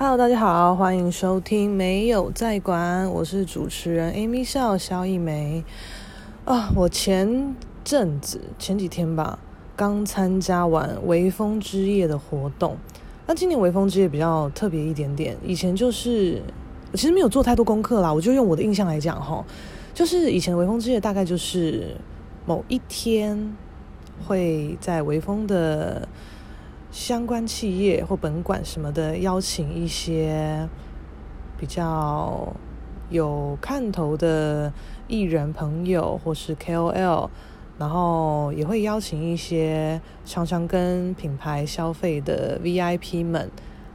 Hello，大家好，歡迎收聽沒有在管，我是主持人 Amy Siao，蕭逸玫。啊、哦，我前陣子前幾天吧，剛參加完微風之夜的活動。那今年微風之夜比較特別一點點，以前就是我其實沒有做太多功課啦，我就用我的印象來講哈、哦，就是以前微風之夜大概就是某一天會在微風的，相關企業或本館什麼的邀請一些比較有看頭的藝人朋友或是 KOL，然後也會邀請一些常常跟品牌消費的 VIP 們，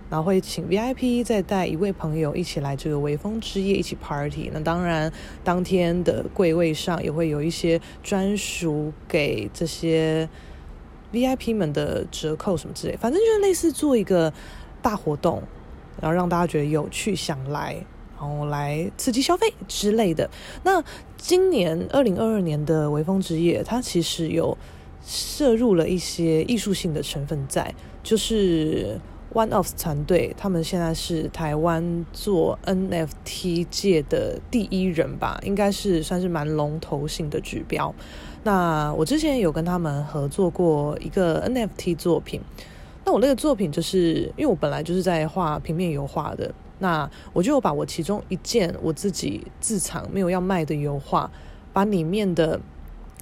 然後會請 VIP 再帶一位朋友一起來這個微風之夜一起 party。那當然，當天的櫃位上也會有一些專屬給這些。VIP 們的折扣什麼之類，反正就是類似做一個大活動，然後讓大家覺得有趣、想來，然後來刺激消費之類的。那今年二零二二年的微風之夜，它其實有涉入了一些藝術性的成分在，就是。One offs 團隊，他們現在是台灣做 NFT 界的第一人吧，應該是算是蠻龍頭性的指標。那我之前有跟他們合作過一個 NFT 作品。那我那個作品就是因為我本來就是在畫平面油畫的，那我就把我其中一件我自己自藏沒有要賣的油畫，把裡面的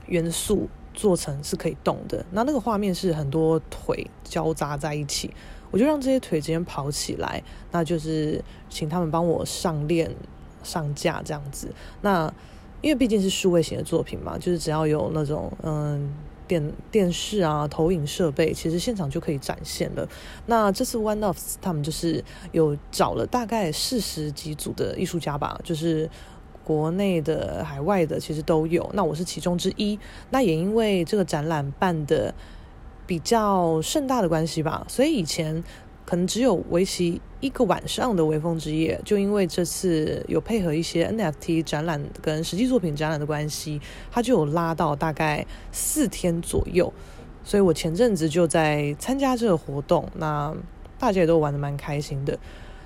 元素做成是可以動的。那那個畫面是很多腿交雜在一起。我就讓這些腿直接跑起來，那就是請他們幫我上鏈、上架這樣子。那因為畢竟是數位型的作品嘛，就是只要有那種嗯、呃、電電視啊、投影設備，其實現場就可以展現了。那這次 One Offs 他們就是有找了大概四十幾組的藝術家吧，就是國內的、海外的，其實都有。那我是其中之一。那也因為這個展覽辦的。比較盛大的關係吧，所以以前可能只有為期一個晚上的微風之夜，就因為這次有配合一些 NFT 展覽跟實際作品展覽的關係，它就有拉到大概四天左右。所以我前陣子就在參加這個活動，那大家也都玩得蠻開心的。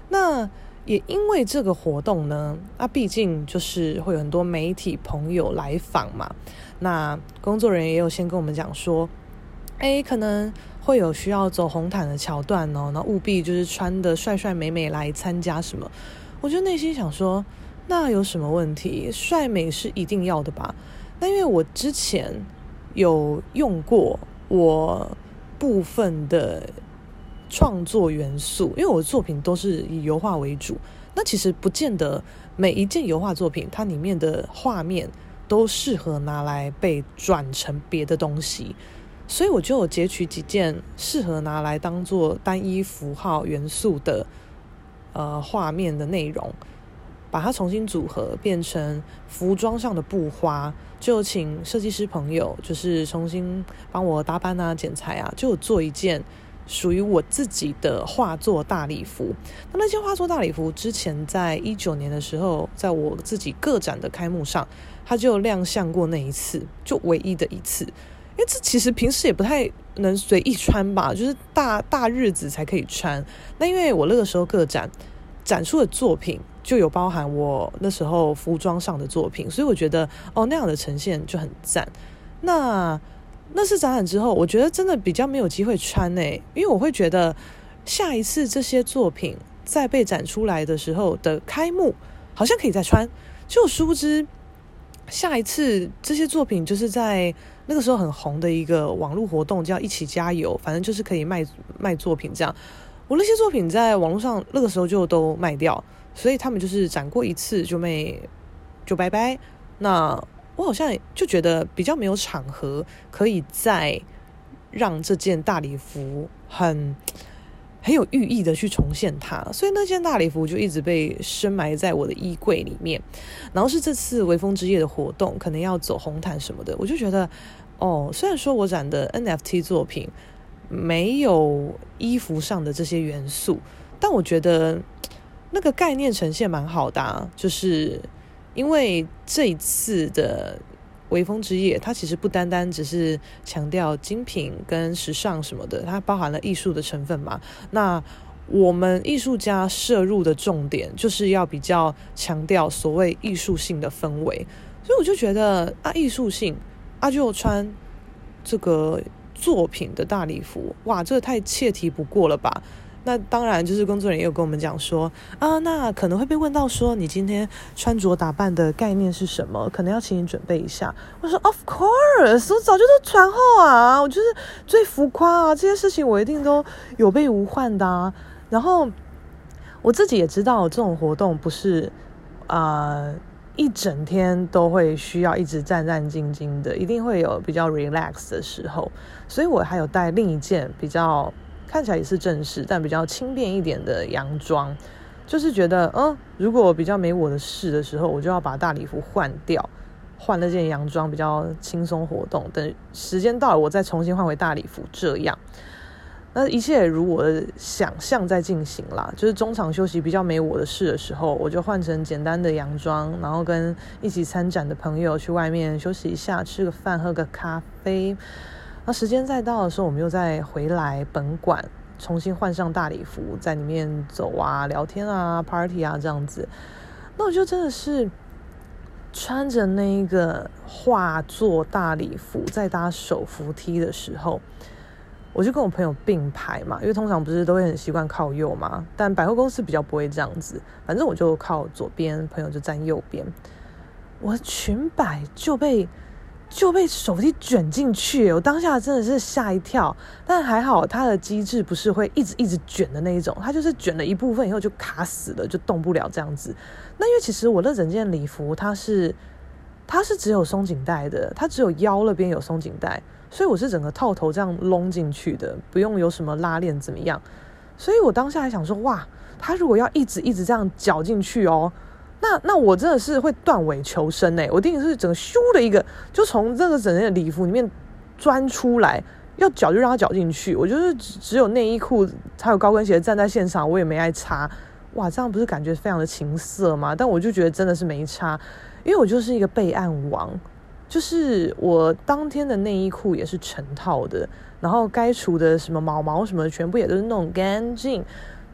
那也因為這個活動呢，啊，畢竟就是會有很多媒體朋友來訪嘛，那工作人員也有先跟我們講說。哎，可能會有需要走紅毯的橋段哦，那務必就是穿得帥帥美美來參加什麼。我就內心想說，那有什麼問題？帥美是一定要的吧？那因為我之前有用過我部分的創作元素，因為我的作品都是以油畫為主，那其實不見得每一件油畫作品它裡面的畫面都適合拿來被轉成別的東西。所以我就有截取幾件適合拿來當做單一符號元素的呃、畫面的內容，把它重新組合變成服裝上的布花，就請設計師朋友就是重新幫我搭班啊、剪裁啊，就做一件屬於我自己的畫作大禮服。那那些畫作大禮服之前在一九年的時候，在我自己個展的開幕上，它就亮相過那一次，就唯一的一次。因為這其實平時也不太能隨意穿吧，就是大大日子才可以穿。那因為我那個時候個展展出的作品就有包含我那時候服裝上的作品，所以我覺得哦，那樣的呈現就很讚。那那次展覽之後，我覺得真的比較沒有機會穿誒、欸，因為我會覺得下一次這些作品在被展出來的時候的開幕好像可以再穿，就殊不知下一次這些作品就是在。那個時候很紅的一個網絡活動叫一起加油，反正就是可以賣賣作品這樣。我那些作品在網絡上那個時候就都賣掉，所以他們就是展過一次就沒就拜拜。那我好像就覺得比較沒有場合可以再讓這件大禮服很。很有寓意的去重現它，所以那件大禮服就一直被深埋在我的衣櫃裡面。然後是這次微風之夜的活動，可能要走紅毯什麼的，我就覺得，哦，雖然說我染的 NFT 作品沒有衣服上的這些元素，但我覺得那個概念呈現蠻好的啊，就是因為這一次的。微風之夜，它其實不單單只是強調精品跟時尚什麼的，它包含了藝術的成分嘛。那我們藝術家攝入的重點就是要比較強調所謂藝術性的氛圍，所以我就覺得啊，藝術性啊就穿這個作品的大禮服，哇，這個太切題不過了吧。那當然，就是工作人員有跟我們講說，啊，那可能會被問到說，你今天穿着打扮的概念是什麼？可能要請你準備一下。我說，Of course，我早就都穿好啊，我就是最浮誇啊，這些事情我一定都有備無患的。啊。然後我自己也知道，這種活動不是啊、呃，一整天都會需要一直戰戰兢兢的，一定會有比較 relax 的時候，所以我還有帶另一件比較。看起來也是正式，但比較輕便一點的洋裝，就是覺得，嗯，如果比較沒我的事的時候，我就要把大禮服換掉，換了件洋裝比較輕鬆活動。等時間到了，我再重新換回大禮服。這樣。那一切如我的想象在進行啦。就是中場休息比較沒我的事的時候，我就換成簡單的洋裝，然後跟一起參展的朋友去外面休息一下，吃個飯，喝個咖啡。那時間再到的時候，我們又再回來本館，重新換上大禮服，在裡面走啊、聊天啊、party 啊這樣子。那我就真的是穿着那一個畫作大禮服，在搭手扶梯的時候，我就跟我朋友並排嘛，因為通常不是都會很習慣靠右嘛，但百貨公司比較不會這樣子，反正我就靠左邊，朋友就站右邊，我的裙擺就被。就被手機捲進去，我當下真的是嚇一跳，但還好它的機制不是會一直一直捲的那一種，它就是捲了一部分以後就卡死了，就動不了這樣子。那因為其實我那整件禮服它是它是只有鬆緊帶的，它只有腰那邊有鬆緊帶，所以我是整個套頭這樣攏進去的，不用有什麼拉鏈怎麼樣。所以我當下還想說，哇，它如果要一直一直這樣絞進去哦。那那我真的是會斷尾求生哎、欸！我定是整個咻的一個，就從這個整個禮服裡面鑽出來，要攪就讓它攪進去。我就是只有內衣褲還有高跟鞋站在現場，我也沒愛擦。哇，這樣不是感覺非常的情色嗎？但我就覺得真的是沒差，因為我就是一個備案王，就是我當天的內衣褲也是成套的，然後該除的什麼毛毛什麼，全部也都是弄乾淨。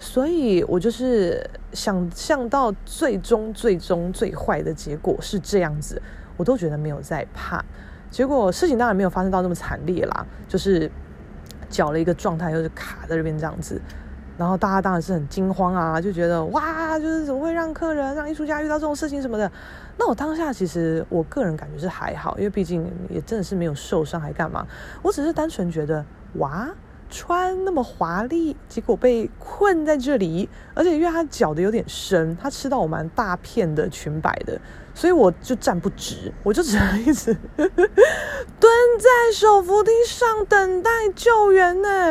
所以我就是想象到最終最終最壞的結果是這樣子，我都覺得沒有在怕。結果事情當然沒有發生到那麼慘烈啦，就是攪了一個狀態，又是卡在那邊這樣子。然後大家當然是很驚慌啊，就覺得哇，就是怎麼會讓客人、讓藝術家遇到這種事情什麼的。那我當下其實我個人感覺是還好，因為畢竟也真的是沒有受傷，還幹嘛？我只是單純覺得哇。穿那麼華麗，結果被困在這裡，而且因為他腳的有點深，他吃到我蠻大片的裙擺的，所以我就站不直，我就只能一直呵呵蹲在手扶梯上等待救援呢。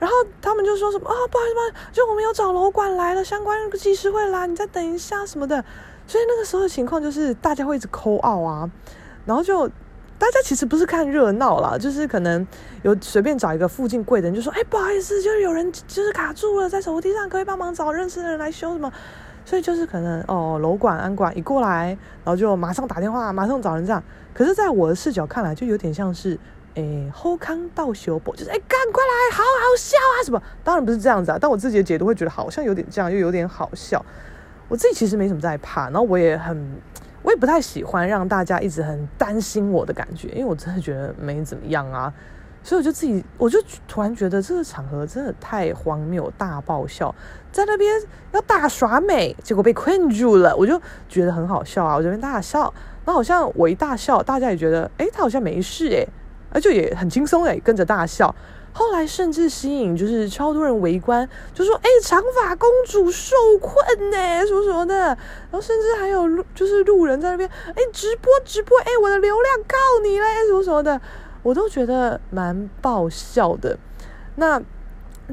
然後他們就說什麼啊、哦，不好意思嘛，就我們有找樓管來了，相關技師會來，你再等一下什麼的。所以那個時候的情況就是大家會一直摳奧啊，然後就。大家其實不是看熱鬧了，就是可能有隨便找一個附近貴人就說，哎、欸，不好意思，就是有人就是卡住了在手機上，可以幫忙找認識的人來修什麼，所以就是可能哦樓管、安管一過來，然後就馬上打電話，馬上找人這樣。可是，在我的視角看來，就有點像是，哎，後康到修部，就是哎，趕、欸、快來，好好笑啊什麼。當然不是這樣子啊，但我自己的解讀會覺得好像有點這樣，又有點好笑。我自己其實沒什麼在怕，然後我也很。我也不太喜歡讓大家一直很擔心我的感覺，因為我真的覺得沒怎麼樣啊，所以我就自己，我就突然覺得這個場合真的太荒謬，大爆笑，在那邊要大耍美，結果被困住了，我就覺得很好笑啊，我這邊大笑，然後好像我一大笑，大家也覺得，誒、欸，他好像沒事誒、欸，而且也很輕鬆誒，跟着大笑。後來甚至吸引就是超多人圍觀，就說哎、欸，長髮公主受困呢、欸，什麼什麼的。然後甚至還有就是路人在那邊哎直播直播，哎、欸、我的流量靠你嘞，什麼什麼的，我都覺得蠻爆笑的。那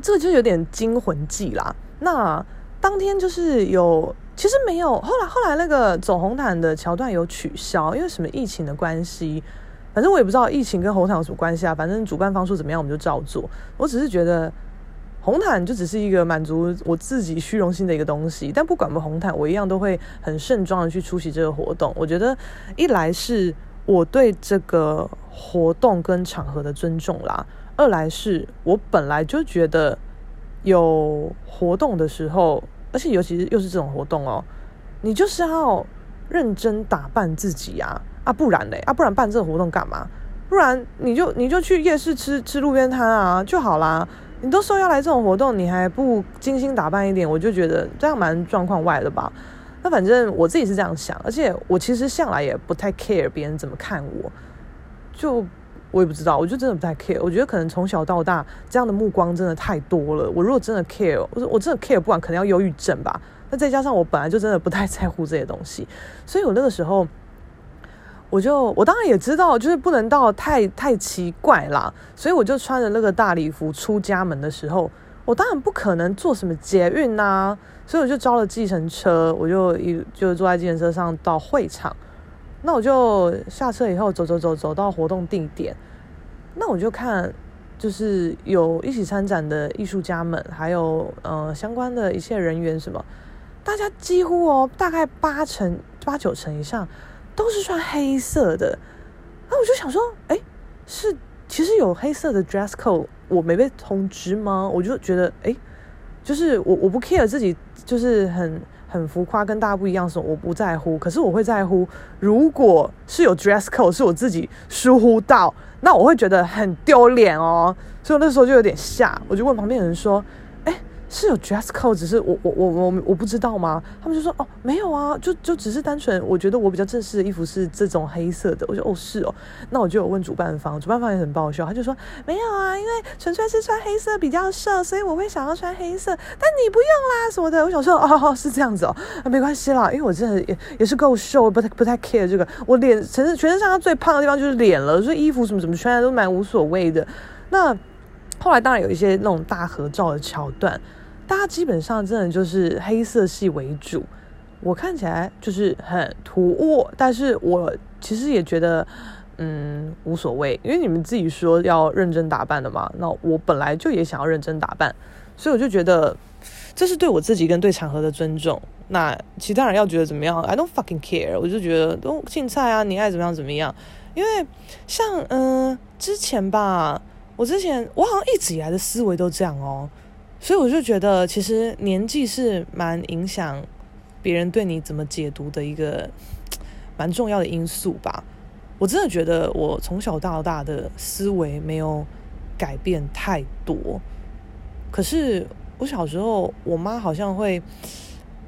這個就有點驚魂記啦。那當天就是有，其實沒有。後來後來那個走紅毯的橋段有取消，因為什麼疫情的關係。反正我也不知道疫情跟紅毯有什麼關係啊，反正主辦方說怎麼樣，我們就照做。我只是覺得紅毯就只是一個滿足我自己虛榮心的一個東西，但不管有沒有紅毯，我一樣都會很盛裝的去出席這個活動。我覺得一來是我對這個活動跟場合的尊重啦，二來是我本來就覺得有活動的時候，而且尤其是又是這種活動哦，你就是要認真打扮自己啊。啊，不然嘞，啊，不然辦這個活動幹嘛？不然你就你就去夜市吃吃路邊攤啊，就好啦。你都說要來這種活動，你還不精心打扮一點，我就覺得這樣蠻狀況外的吧。那反正我自己是這樣想，而且我其實向來也不太 care 別人怎麼看我。就我也不知道，我就真的不太 care。我覺得可能從小到大這樣的目光真的太多了。我如果真的 care，我真的 care，不管可能要憂鬱症吧。那再加上我本來就真的不太在乎這些東西，所以我那個時候。我就我當然也知道，就是不能到太太奇怪啦，所以我就穿着那個大禮服出家門的時候，我當然不可能坐什麼捷運吶、啊，所以我就招了計程車，我就一就坐在計程車上到會場，那我就下車以後走，走走走走到活動地點，那我就看就是有一起參展的藝術家們，還有呃相關的一些人員什麼，大家幾乎哦大概八成八九成以上。都是穿黑色的，那我就想說，誒，是其實有黑色的 dress code，我沒被通知嗎？我就覺得，誒，就是我我不 care 自己，就是很很浮誇，跟大家不一樣什麼，我不在乎。可是我會在乎，如果是有 dress code，是我自己疏忽到，那我會覺得很丟臉哦。所以我那時候就有點嚇，我就問旁邊有人說。是有 dress code，只是我我我我我不知道嗎？他們就說哦沒有啊，就就只是單純我覺得我比較正式的衣服是這種黑色的，我就哦是哦，那我就有問主辦方，主辦方也很爆笑，他就說沒有啊，因為純粹是穿黑色比較瘦，所以我會想要穿黑色，但你不用啦什麼的。我想說哦是這樣子哦，那、啊、沒關係啦，因為我真的也也是夠瘦，不太不太 care 這個，我臉全身全身上他最胖的地方就是臉了，所以衣服什麼怎麼穿都蠻無所謂的。那後來當然有一些那種大合照的橋段。大家基本上真的就是黑色系為主，我看起來就是很突兀，但是我其實也覺得，嗯，無所謂，因為你們自己說要認真打扮的嘛。那我本來就也想要認真打扮，所以我就覺得這是對我自己跟對場合的尊重。那其他人要覺得怎麼樣？I don't fucking care。我就覺得都青菜啊，你愛怎麼樣怎麼樣。因為像嗯、呃、之前吧，我之前我好像一直以來的思維都這樣哦。所以我就覺得，其實年紀是蠻影響別人對你怎麼解讀的一個蠻重要的因素吧。我真的覺得，我從小到大的思維沒有改變太多。可是我小時候，我媽好像會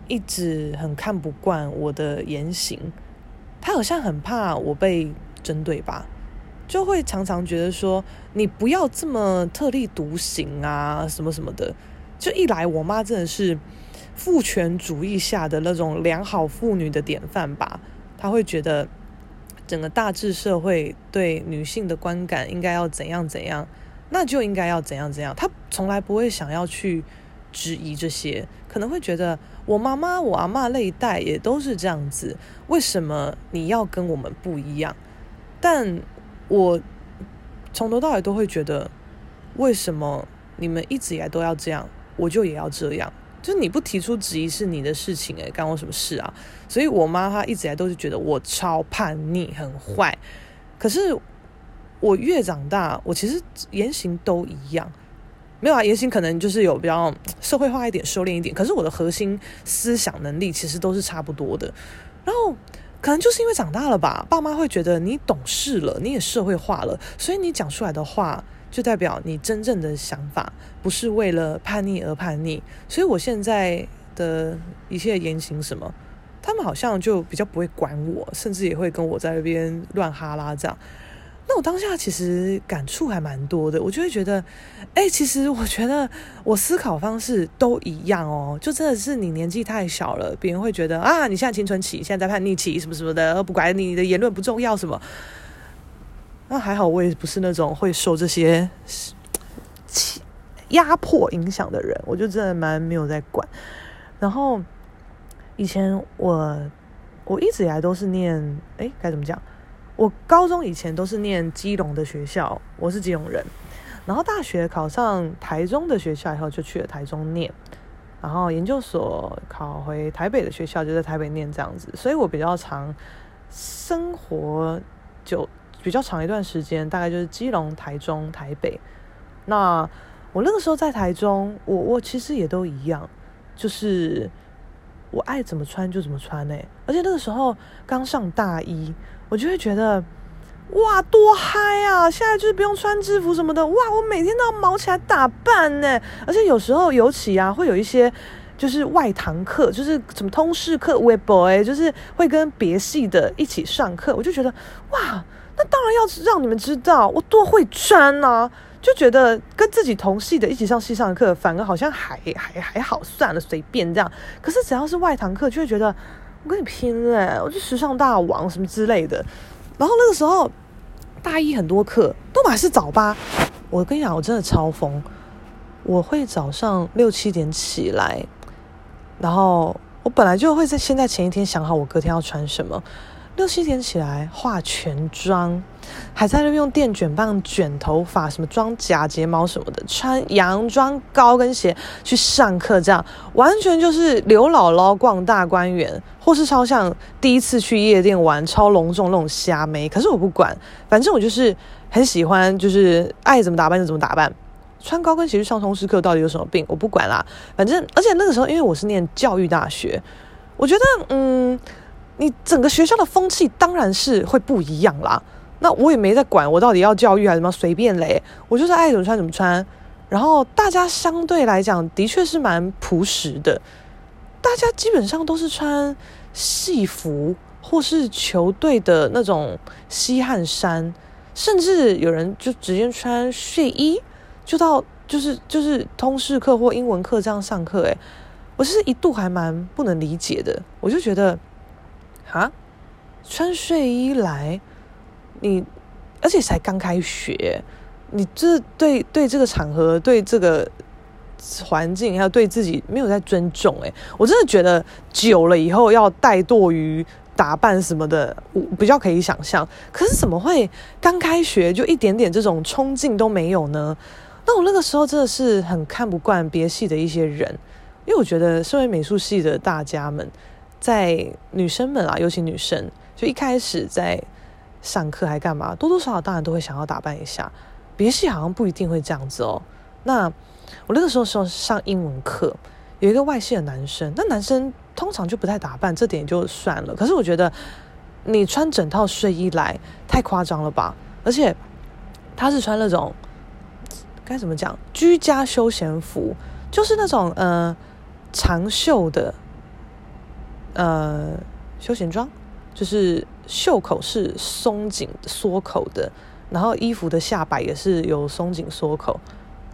一直很看不慣我的言行，她好像很怕我被針對吧。就會常常覺得說，你不要這麼特立獨行啊，什麼什麼的。就一來，我媽真的是父權主義下的那種良好婦女的典範吧。她會覺得，整個大致社會對女性的觀感應該要怎樣怎樣，那就應該要怎樣怎樣。她從來不會想要去質疑這些，可能會覺得我媽媽、我阿嬤那一代也都是這樣子，為什麼你要跟我們不一樣？但我從頭到尾都會覺得，為什麼你們一直以來都要這樣，我就也要這樣？就是你不提出質疑是你的事情，欸，哎，干我什麼事啊？所以我媽她一直以來都是覺得我超叛逆、很壞。可是我越長大，我其實言行都一樣。沒有啊，言行可能就是有比較社會化一點、收斂一點。可是我的核心思想能力其實都是差不多的。然後。可能就是因為長大了吧，爸媽會覺得你懂事了，你也社會化了，所以你講出來的話就代表你真正的想法，不是為了叛逆而叛逆。所以我現在的一切言行什麼，他們好像就比較不會管我，甚至也會跟我在那邊亂哈拉這樣。那我當下其實感觸還蠻多的，我就會覺得，哎、欸，其實我覺得我思考方式都一樣哦，就真的是你年紀太小了，別人會覺得啊，你現在青春期，現在在叛逆期，什麼什麼的，不管你的言論不重要什麼。那還好，我也不是那種會受這些氣壓迫影響的人，我就真的蠻沒有在管。然後以前我，我一直以來都是念，哎，該怎麼講？我高中以前都是念基隆的學校，我是基隆人，然後大學考上台中的學校以後就去了台中念，然後研究所考回台北的學校就在台北念這樣子，所以我比較長生活就比較長一段時間，大概就是基隆、台中、台北。那我那個時候在台中，我我其實也都一樣，就是我愛怎麼穿就怎麼穿嘞、欸，而且那個時候剛上大一。我就會覺得，哇，多嗨啊！現在就是不用穿制服什麼的，哇，我每天都要毛起來打扮呢。而且有時候，尤其啊，會有一些就是外堂課，就是什麼通識課、Web 誒，就是會跟別系的一起上課。我就覺得，哇，那當然要讓你們知道我多會穿啊！就覺得跟自己同系的一起上系上的課，反而好像還還還好，算了，隨便這樣。可是只要是外堂課，就會覺得。我跟你拼了，我就時尚大王什麼之類的。然後那個時候大一很多課都還是早八。我跟你講，我真的超瘋。我會早上六七點起來，然後我本來就會在現在前一天想好我隔天要穿什麼。六七點起來化全妝。還在那邊用電捲棒捲頭髮，什麼裝假睫毛什麼的，穿洋裝高跟鞋去上課，這樣完全就是劉姥姥逛大觀園，或是超像第一次去夜店玩超隆重那種瞎妹。可是我不管，反正我就是很喜歡，就是愛怎麼打扮就怎麼打扮，穿高跟鞋去上通識課到底有什麼病？我不管啦，反正而且那個時候因為我是念教育大學，我覺得嗯，你整個學校的風氣當然是會不一樣啦。那我也沒在管，我到底要教育還是什麼，隨便嘞？我就是愛怎麼穿怎麼穿。然後大家相對來講的確是蠻樸實的，大家基本上都是穿戲服或是球隊的那種西漢衫，甚至有人就直接穿睡衣，就到就是就是通識課或英文課這樣上課。誒。我是一度還蠻不能理解的，我就覺得哈，穿睡衣來。你，而且才剛開學，你這對對這個場合、對這個環境，還有對自己沒有在尊重、欸。誒，我真的覺得久了以後要怠惰於打扮什麼的，我比較可以想象。可是怎麼會剛開學就一點點這種衝勁都沒有呢？那我那個時候真的是很看不慣別系的一些人，因為我覺得身為美術系的大家們，在女生們啊，尤其女生，就一開始在。上課還幹嘛？多多少少當然都會想要打扮一下。別系好像不一定會這樣子哦。那我那個時候是上英文課，有一個外系的男生，那男生通常就不太打扮，這點就算了。可是我覺得你穿整套睡衣來，太誇張了吧？而且他是穿那種該怎麼講，居家休閒服，就是那種呃長袖的呃休閒裝，就是。袖口是鬆緊縮口的，然後衣服的下擺也是有鬆緊縮口，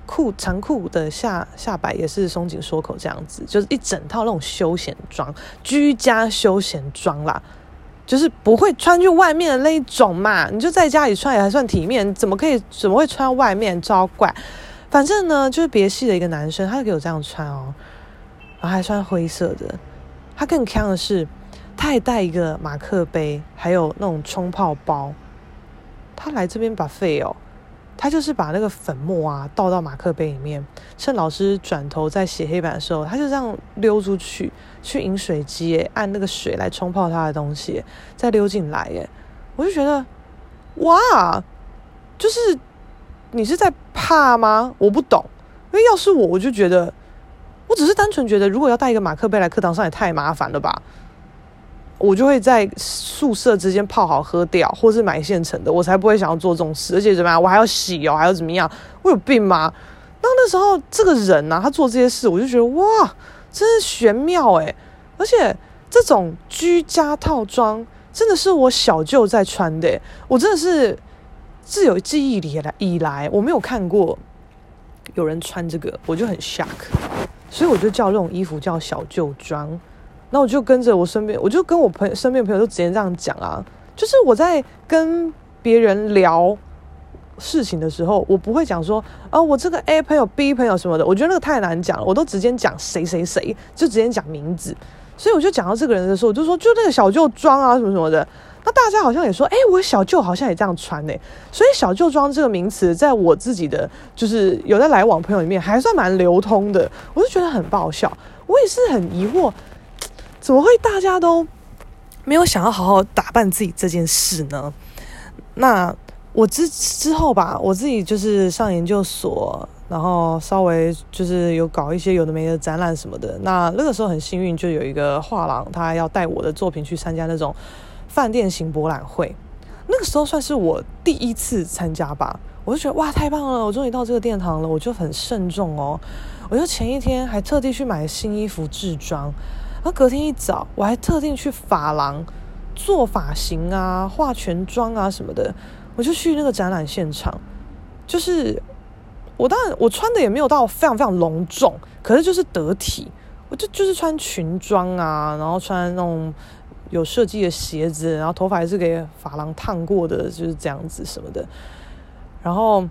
褲長褲的下下擺也是鬆緊縮口，這樣子就是一整套那種休閒裝，居家休閒裝啦，就是不會穿去外面的那一種嘛，你就在家裡穿也還算體面，怎麼可以，怎麼會穿外面招怪？反正呢，就是別系的一個男生，他給我這樣穿哦、喔，然後還穿灰色的，他更看的是。他也帶一個馬克杯，還有那種沖泡包。他來這邊把廢哦，他就是把那個粉末啊倒到馬克杯裡面，趁老師轉頭在寫黑板的時候，他就這樣溜出去，去飲水機按那個水來沖泡他的東西，再溜進來誒。我就覺得哇，就是你是在怕嗎？我不懂，因為要是我，我就覺得，我只是單純覺得，如果要帶一個馬克杯來課堂上，也太麻煩了吧。我就會在宿舍之間泡好喝掉，或是買現成的，我才不會想要做這種事。而且怎麼樣？我還要洗哦，還要怎麼樣？我有病嗎？那那時候這個人啊，他做這些事，我就覺得哇，真是玄妙哎！而且這種居家套裝，真的是我小舅在穿的，我真的是自有記憶裡來以來，我沒有看過有人穿這個，我就很 shock。所以我就叫這種衣服叫小舅裝。那我就跟着我身邊，我就跟我朋友、身邊朋友都直接這樣講啊，就是我在跟別人聊事情的時候，我不會講說啊，我這個 A 朋友、B 朋友什麼的，我覺得那個太難講了，我都直接講誰誰誰，就直接講名字。所以我就講到這個人的時候，我就說就那個小舅裝啊什麼什麼的。那大家好像也說，哎、欸，我小舅好像也這樣穿呢、欸。所以“小舅裝”這個名詞，在我自己的就是有在來往朋友裡面還算蠻流通的。我就覺得很爆笑，我也是很疑惑。怎麼會大家都沒有想要好好打扮自己這件事呢？那我之之後吧，我自己就是上研究所，然後稍微就是有搞一些有的沒的展覽什麼的。那那個時候很幸運，就有一個畫廊，他要帶我的作品去參加那種飯店型博覽會。那個時候算是我第一次參加吧，我就覺得哇，太棒了！我終於到這個殿堂了，我就很慎重哦。我就前一天還特地去買新衣服、治裝。然後隔天一早，我還特定去髮廊做髮型啊、化全妝啊什麼的，我就去那個展覽現場。就是我當然我穿的也沒有到非常非常隆重，可是就是得體，我就就是穿裙裝啊，然後穿那種有設計的鞋子，然後頭髮還是給髮廊燙過的，就是這樣子什麼的，然後。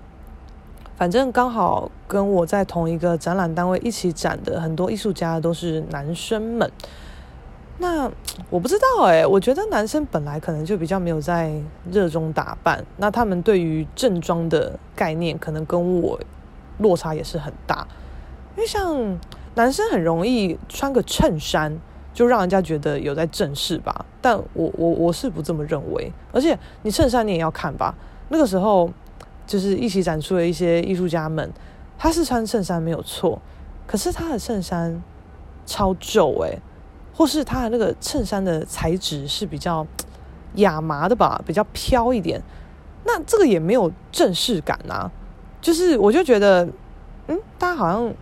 反正剛好跟我在同一個展覽單位一起展的很多藝術家都是男生們，那我不知道欸，我覺得男生本來可能就比較沒有在熱衷打扮，那他們對於正裝的概念可能跟我落差也是很大，因為像男生很容易穿個襯衫就讓人家覺得有在正式吧，但我我我是不這麼認為，而且你襯衫你也要看吧，那個時候。就是一起展出的一些藝術家們，他是穿襯衫沒有錯，可是他的襯衫超皺誒、欸，或是他的那個襯衫的材質是比較亞麻的吧，比較飄一點，那這個也沒有正式感啊，就是我就覺得，嗯，大家好像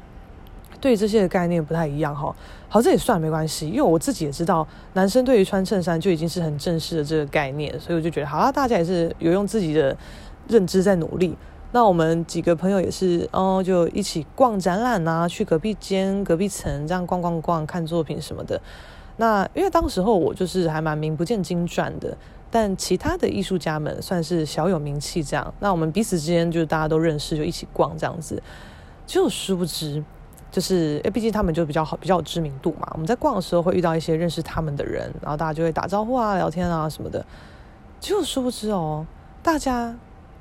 對這些的概念不太一樣哈，好這也算沒關係，因為我自己也知道，男生對於穿襯衫就已經是很正式的這個概念，所以我就覺得，好像大家也是有用自己的。認知在努力，那我們幾個朋友也是哦，就一起逛展覽啊，去隔壁間、隔壁層這樣逛逛逛，看作品什麼的。那因為當時候我就是還蠻名不見經傳的，但其他的藝術家們算是小有名氣這樣。那我們彼此之間就是大家都認識，就一起逛這樣子。就殊不知，就是誒，畢竟他們就比較好、比較有知名度嘛。我們在逛的時候會遇到一些認識他們的人，然後大家就會打招呼啊、聊天啊什麼的。就殊不知哦，大家。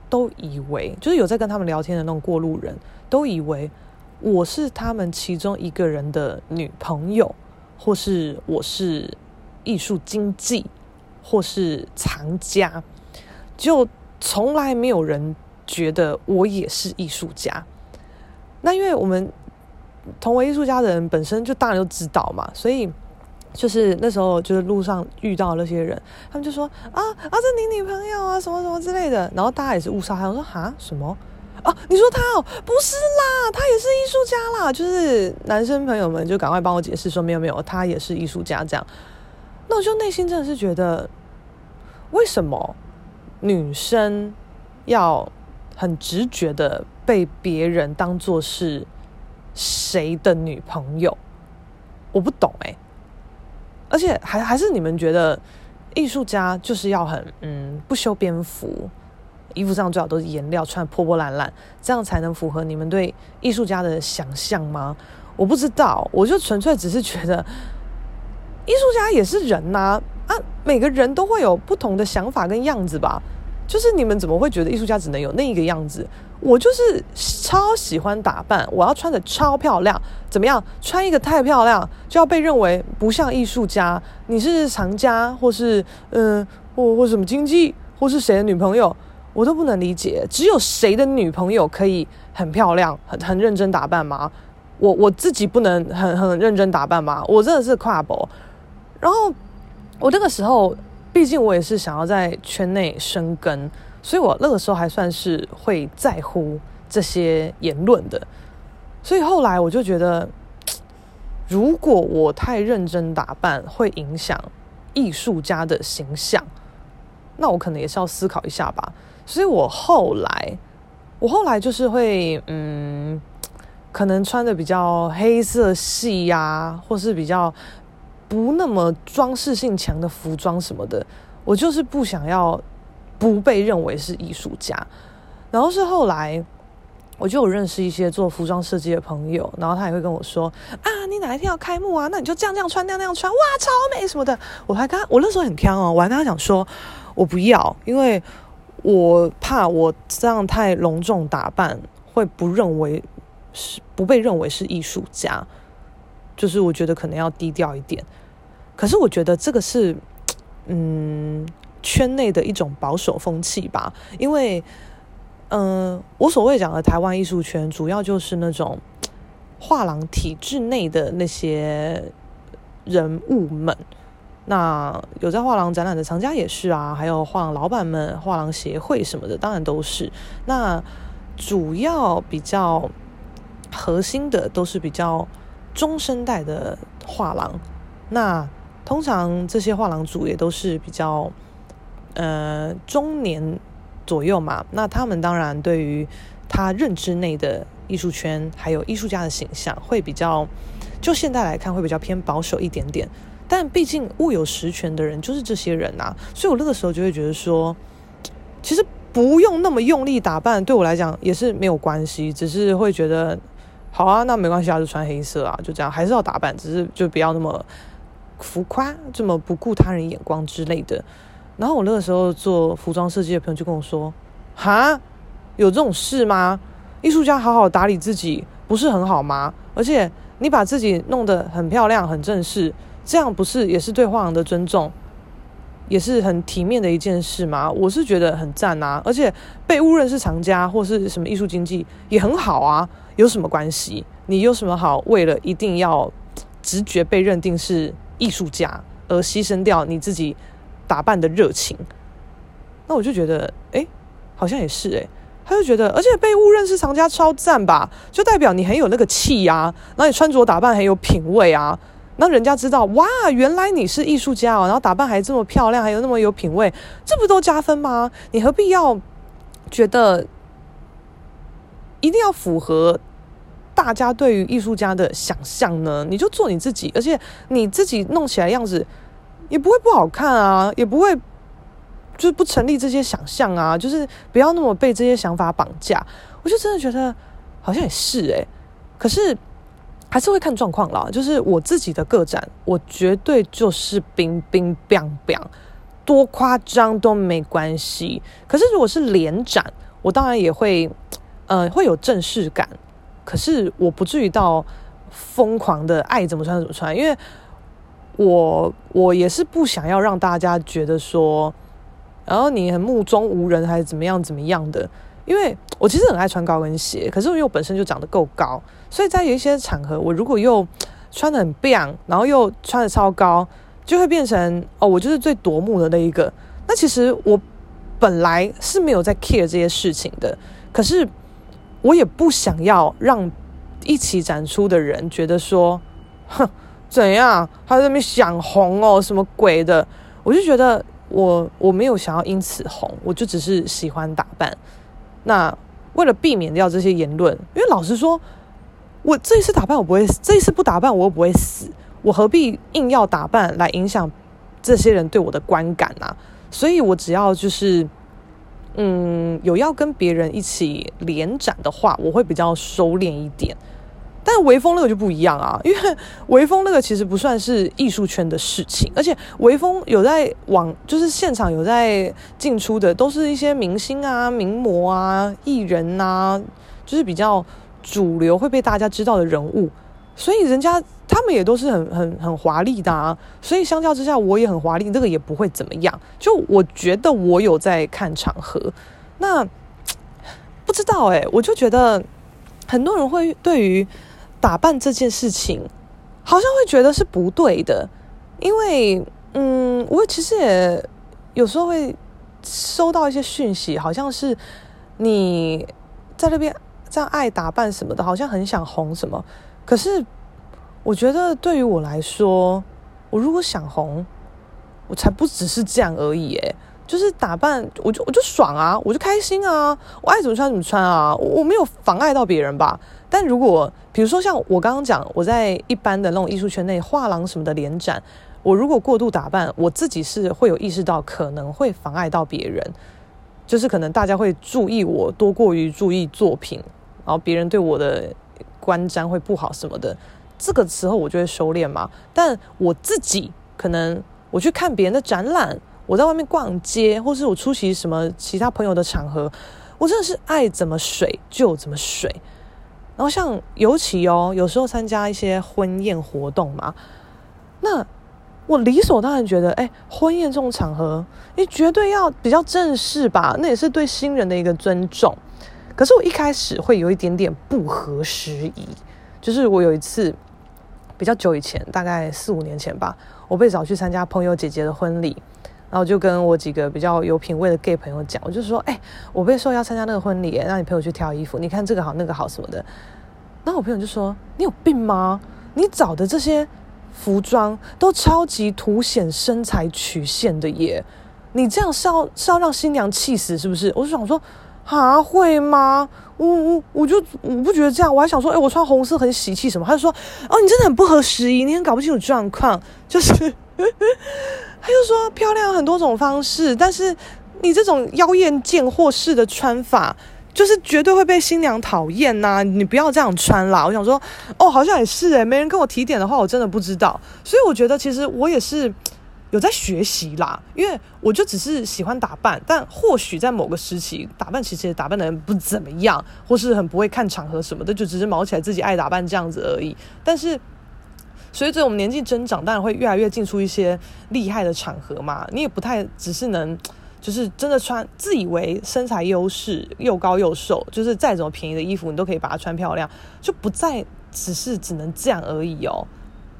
都以為就是有在跟他們聊天的那種過路人，都以為我是他們其中一個人的女朋友，或是我是藝術經紀，或是藏家，就從來沒有人覺得我也是藝術家。那因為我們同為藝術家的人，本身就當然都知道嘛，所以。就是那時候，就是路上遇到那些人，他們就說啊啊，這是你女朋友啊，什麼什麼之類的。然後大家也是誤殺他，我說啊，什麼啊？你說他哦，不是啦，他也是藝術家啦。就是男生朋友們就趕快幫我解釋說，沒有沒有，他也是藝術家這樣。那我就內心真的是覺得，為什麼女生要很直覺的被別人當作是誰的女朋友？我不懂哎、欸。而且還還是你們覺得藝術家就是要很嗯，不修邊幅，衣服上最好都是顏料，穿破破爛爛，這樣才能符合你們對藝術家的想象嗎？我不知道，我就純粹只是覺得藝術家也是人吶啊，啊，每個人都會有不同的想法跟樣子吧。就是你們怎麼會覺得藝術家只能有那一個樣子？我就是超喜歡打扮，我要穿的超漂亮，怎麼樣？穿一個太漂亮就要被認為不像藝術家，你是藏家或是嗯、呃，或或什麼經紀、或是誰的女朋友，我都不能理解。只有誰的女朋友可以很漂亮、很很認真打扮嗎？我我自己不能很很認真打扮嗎？我真的是跨博。然後我那個時候，畢竟我也是想要在圈內生根。所以，我那個時候還算是會在乎這些言論的。所以後來我就覺得，如果我太認真打扮，會影響藝術家的形象，那我可能也是要思考一下吧。所以我後來，我後來就是會，嗯，可能穿的比較黑色系呀、啊，或是比較不那麼裝飾性強的服裝什麼的，我就是不想要。不被認為是藝術家，然後是後來，我就有認識一些做服裝設計的朋友，然後他也會跟我說啊，你哪一天要開幕啊？那你就這樣這樣穿，那樣那樣穿，哇，超美什麼的。我還跟他我那時候很挑哦，我還跟他講說，我不要，因為我怕我這樣太隆重打扮會不認為是不被認為是藝術家，就是我覺得可能要低調一點。可是我覺得這個是，嗯。圈內的一種保守風氣吧，因為，嗯、呃，我所謂講的台灣藝術圈，主要就是那種畫廊體制內的那些人物們。那有在畫廊展覽的藏家也是啊，還有畫廊老闆們、畫廊協會什麼的，當然都是。那主要比較核心的都是比較中生代的畫廊。那通常這些畫廊主也都是比較。呃，中年左右嘛，那他們當然對於他認知內的藝術圈還有藝術家的形象會比較，就現在來看會比較偏保守一點點。但畢竟握有實權的人就是這些人吶、啊，所以我那個時候就會覺得說，其實不用那麼用力打扮，對我來講也是沒有關係。只是會覺得，好啊，那沒關係啊，就穿黑色啊，就這樣，還是要打扮，只是就不要那麼浮誇，這麼不顧他人眼光之類的。然後我那個時候做服裝設計的朋友就跟我說：“哈，有這種事嗎？藝術家好好打理自己不是很好嗎？而且你把自己弄得很漂亮、很正式，這樣不是也是對畫廊的尊重，也是很體面的一件事嗎？我是覺得很讚啊！而且被誤認是藏家或是什麼藝術經紀也很好啊，有什麼關係？你有什麼好為了一定要直覺被認定是藝術家而犧牲掉你自己？”打扮的熱情，那我就覺得，哎、欸，好像也是哎、欸，他就覺得，而且被誤認是藏家超讚吧，就代表你很有那個氣呀、啊，那你穿着打扮很有品位啊，那人家知道，哇，原來你是藝術家、哦，然後打扮還這麼漂亮，還有那麼有品位，這不都加分嗎？你何必要覺得一定要符合大家對於藝術家的想象呢？你就做你自己，而且你自己弄起來的樣子。也不會不好看啊，也不會就是不成立這些想象啊，就是不要那麼被這些想法綁架。我就真的覺得好像也是誒、欸。可是還是會看狀況啦。就是我自己的個展，我絕對就是冰冰冰冰，多誇張都沒關係。可是如果是聯展，我當然也會，呃，會有正式感。可是我不至於到瘋狂的愛怎麼穿怎麼穿，因為。我我也是不想要讓大家覺得說，然後你很目中無人還是怎麼樣怎麼樣的，因為我其實很愛穿高跟鞋，可是因為我又本身就長得夠高，所以在有一些場合，我如果又穿得很 b，然後又穿得超高，就會變成哦，我就是最奪目的那一個。那其實我本來是沒有在 care 這些事情的，可是，我也不想要讓一起展出的人覺得說，哼。怎樣？他在那邊想紅哦，什麼鬼的？我就覺得我我沒有想要因此紅，我就只是喜歡打扮。那為了避免掉這些言論，因為老實說，我這一次打扮我不會，這一次不打扮我又不會死，我何必硬要打扮來影響這些人對我的觀感呢、啊？所以我只要就是，嗯，有要跟別人一起聯展的話，我會比較收斂一點。但微風那個就不一樣啊，因為微風那個其實不算是藝術圈的事情，而且微風有在往，就是現場有在進出的，都是一些明星啊、名模啊、藝人吶、啊，就是比較主流會被大家知道的人物，所以人家他們也都是很很很華麗的啊，所以相較之下，我也很華麗，這、那個也不會怎麼樣。就我覺得我有在看場合，那不知道哎、欸，我就覺得很多人會對於。打扮這件事情，好像會覺得是不對的，因為，嗯，我其實也有時候會收到一些訊息，好像是你在那邊這樣愛打扮什麼的，好像很想紅什麼。可是，我覺得對於我來說，我如果想紅，我才不只是這樣而已耶，哎。就是打扮，我就我就爽啊，我就開心啊，我愛怎麼穿怎麼穿啊，我沒有妨礙到別人吧？但如果比如說像我剛剛講，我在一般的那種藝術圈內，畫廊什麼的聯展，我如果過度打扮，我自己是會有意識到可能會妨礙到別人，就是可能大家會注意我多過於注意作品，然後別人對我的觀瞻會不好什麼的，這個時候我就會收斂嘛。但我自己可能我去看別人的展覽。我在外面逛街，或是我出席什麼其他朋友的場合，我真的是愛怎麼水就怎麼水。然後像尤其哦，有時候參加一些婚宴活動嘛，那我理所當然覺得，哎，婚宴這種場合，你絕對要比較正式吧？那也是對新人的一個尊重。可是我一開始會有一點點不合時宜，就是我有一次比較久以前，大概四五年前吧，我被找去參加朋友姐姐的婚禮。然後就跟我幾個比較有品味的 gay 朋友講，我就是說，哎、欸，我被說要參加那個婚禮，讓你陪我去挑衣服，你看這個好，那個好什麼的。然後我朋友就說：“你有病嗎？你找的這些服裝都超級凸顯身材曲線的耶！你這樣是要是要讓新娘氣死是不是？”我就想說：“還、啊、會嗎？我我我就我不覺得這樣，我還想說，哎、欸，我穿紅色很喜氣什麼。”他就說：“哦，你真的很不合時宜，你很搞不清楚狀況，就是。 ”他就說，漂亮很多種方式，但是你這種妖豔賤貨式的穿法，就是絕對會被新娘討厭吶、啊！你不要這樣穿啦！我想說，哦，好像也是誒、欸。沒人跟我提點的話，我真的不知道。所以我覺得其實我也是有在學習啦，因為我就只是喜歡打扮，但或許在某個時期，打扮其實打扮的人不怎麼樣，或是很不會看場合什麼的，就只是卯起來自己愛打扮這樣子而已。但是。所以，我們年紀增長，當然會越來越進出一些厲害的場合嘛。你也不太只是能，就是真的穿，自以為身材優勢，又高又瘦，就是再怎麼便宜的衣服，你都可以把它穿漂亮，就不再只是只能這樣而已哦。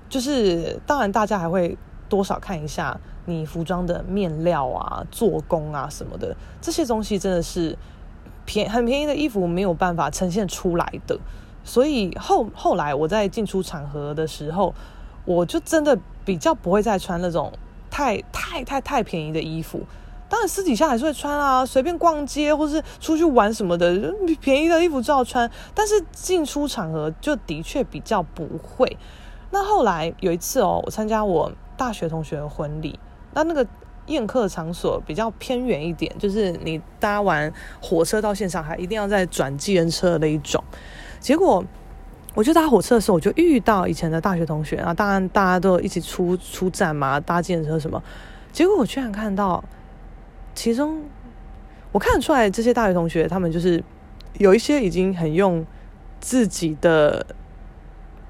就是當然，大家還會多少看一下你服裝的面料啊、做工啊什麼的，這些東西真的是便很便宜的衣服沒有辦法呈現出來的。所以後後來我在進出場合的時候，我就真的比較不會再穿那種太太太太便宜的衣服。當然私底下還是會穿啊，隨便逛街或是出去玩什麼的，便宜的衣服照穿。但是進出場合就的確比較不會。那後來有一次哦，我參加我大學同學的婚禮，那那個宴客場所比較偏遠一點，就是你搭完火車到現場還一定要再轉計程車的那一種。結果，我就搭火車的時候，我就遇到以前的大學同學啊，當然大家，大家都一起出出站嘛，搭計程車什麼。結果我居然看到，其中我看得出來這些大學同學，他們就是有一些已經很用自己的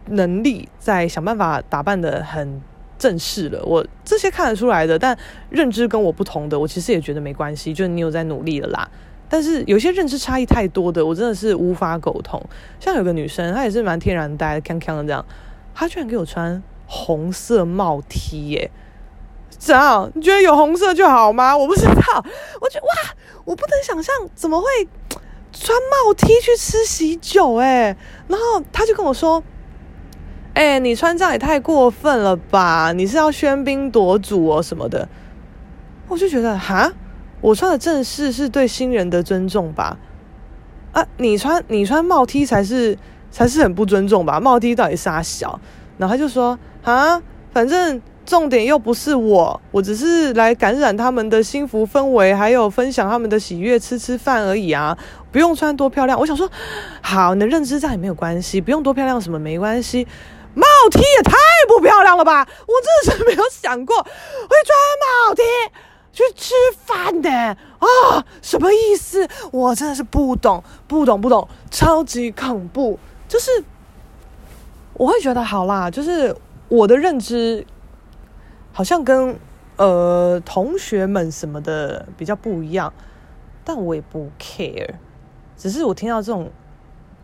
能力在想辦法打扮得很正式了。我這些看得出來的，但認知跟我不同的，我其實也覺得沒關係，就是你有在努力了啦。但是有些認知差異太多的，我真的是無法苟同。像有個女生，她也是蠻天然呆、的，康康的這樣，她居然給我穿紅色帽 T 耶、欸！怎樣？你覺得有紅色就好嗎？我不知道。我覺得哇，我不能想象怎麼會穿帽 T 去吃喜酒誒、欸、然後她就跟我說：“誒、欸、你穿這樣也太過分了吧？你是要喧賓奪主哦什麼的。”我就覺得哈。我穿的正式是對新人的尊重吧，啊，你穿你穿帽 T 才是才是很不尊重吧？帽 T 到底啥小？然後他就說啊，反正重點又不是我，我只是來感染他們的幸福氛圍，還有分享他們的喜悅，吃吃飯而已啊，不用穿多漂亮。我想說，好，你的認知這樣也沒有關係，不用多漂亮什麼沒關係，帽 T 也太不漂亮了吧？我真是沒有想過會穿帽 T。去吃飯的啊？什麼意思？我真的是不懂，不懂，不懂，超級恐怖。就是我會覺得好啦，就是我的認知好像跟呃同學們什麼的比較不一樣，但我也不 care。只是我聽到這種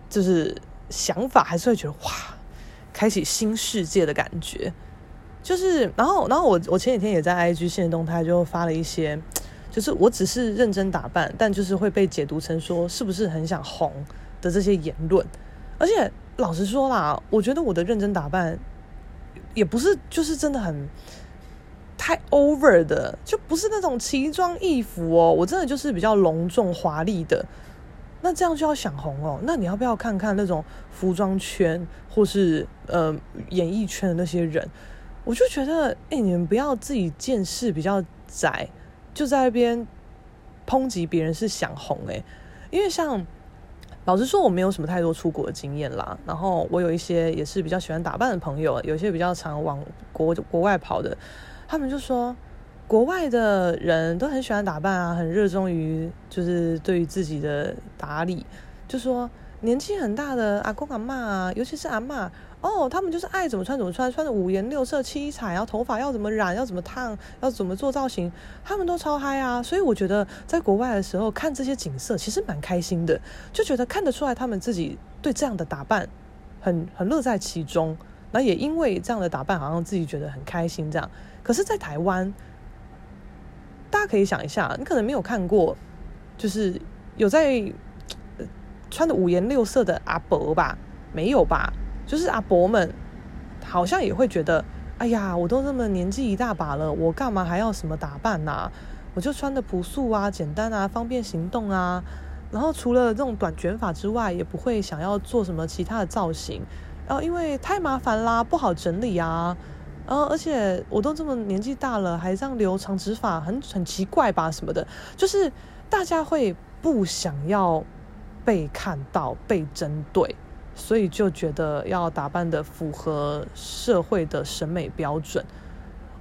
就是想法，還是會覺得哇，開啟新世界的感覺。就是，然後，然後我我前幾天也在 IG 限動態就發了一些，就是我只是認真打扮，但就是會被解讀成說是不是很想紅的這些言論。而且老實說啦，我覺得我的認真打扮也不是就是真的很太 over 的，就不是那種奇裝異服哦，我真的就是比較隆重華麗的。那這樣就要想紅哦，那你要不要看看那種服裝圈或是呃演藝圈的那些人？我就覺得，哎、欸，你們不要自己見識比較窄，就在那邊抨擊別人是想紅哎、欸，因為像老實說，我沒有什麼太多出國的經驗啦。然後我有一些也是比較喜歡打扮的朋友，有些比較常往國國外跑的，他們就說國外的人都很喜歡打扮啊，很熱衷於就是對於自己的打理，就說年紀很大的阿公阿嬤啊，尤其是阿嬤。哦、oh，他們就是愛怎麼穿怎麼穿，穿的五顏六色七彩，啊，然後頭髮要怎麼染要怎麼，要怎麼燙，要怎麼做造型，他們都超嗨啊！所以我覺得在國外的時候看這些景色，其實蠻開心的，就覺得看得出來他們自己對這樣的打扮很很樂在其中，那也因為這樣的打扮，好像自己覺得很開心這樣。可是，在台灣，大家可以想一下，你可能沒有看過，就是有在、呃、穿的五顏六色的阿伯吧？沒有吧？就是阿伯們，好像也會覺得，哎呀，我都這麼年紀一大把了，我幹嘛還要什麼打扮呢、啊？我就穿的樸素啊、簡單啊、方便行動啊。然後除了這種短捲髮之外，也不會想要做什麼其他的造型。然、呃、後因為太麻煩啦，不好整理啊。然、呃、後而且我都這麼年紀大了，還這樣留長直髮，很很奇怪吧？什麼的，就是大家會不想要被看到、被針對。所以就覺得要打扮得符合社會的審美標準。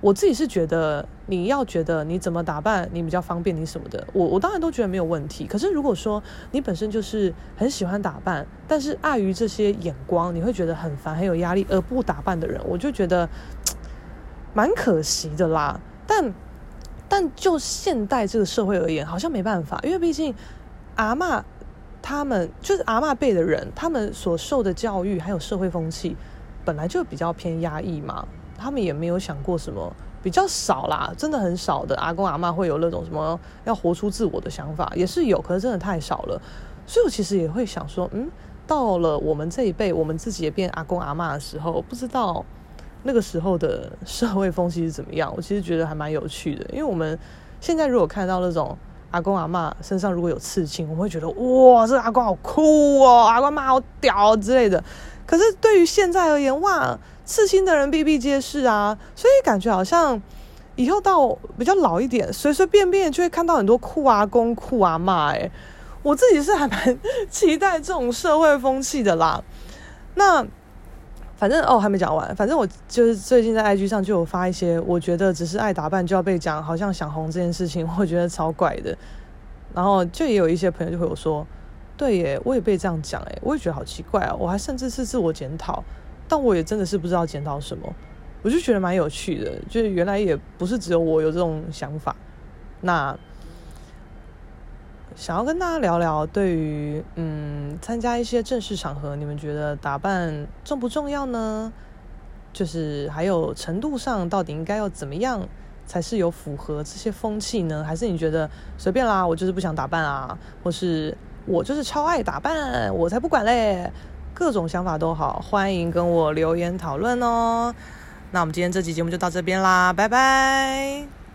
我自己是覺得，你要覺得你怎麼打扮，你比較方便，你什麼的，我我當然都覺得沒有問題。可是如果說你本身就是很喜歡打扮，但是礙於這些眼光，你會覺得很煩，很有壓力，而不打扮的人，我就覺得蠻可惜的啦。但但就現代這個社會而言，好像沒辦法，因為畢竟阿嬤。他們就是阿嬤輩的人，他們所受的教育還有社會風氣，本來就比較偏壓抑嘛。他們也沒有想過什麼，比較少啦，真的很少的阿公阿嬤會有那種什麼要活出自我的想法，也是有，可是真的太少了。所以我其實也會想說，嗯，到了我們這一輩，我們自己也變阿公阿嬤的時候，不知道那個時候的社會風氣是怎麼樣。我其實覺得還蠻有趣的，因為我們現在如果看到那種。阿公阿媽身上如果有刺青，我會覺得哇，這個阿公好酷哦，阿公媽好屌、哦、之類的。可是對於現在而言，哇，刺青的人比比皆是啊，所以感覺好像以後到比較老一點，隨隨便便就會看到很多酷阿公酷阿媽哎、欸，我自己是還蠻期待這種社會風氣的啦。那。反正哦，還沒講完。反正我就是最近在 IG 上就有發一些，我覺得只是愛打扮就要被講，好像想紅這件事情，我覺得超怪的。然後就也有一些朋友就會有說，對耶，我也被這樣講誒，我也覺得好奇怪啊。我還甚至是自我檢討，但我也真的是不知道檢討什麼，我就覺得蠻有趣的，就是原來也不是只有我有這種想法。那。想要跟大家聊聊，對於嗯參加一些正式場合，你們覺得打扮重不重要呢？就是還有程度上，到底應該要怎麼樣才是有符合這些風氣呢？還是你覺得隨便啦，我就是不想打扮啊，或是我就是超愛打扮，我才不管嘞，各種想法都好，歡迎跟我留言討論哦。那我們今天這期節目就到這邊啦，拜拜。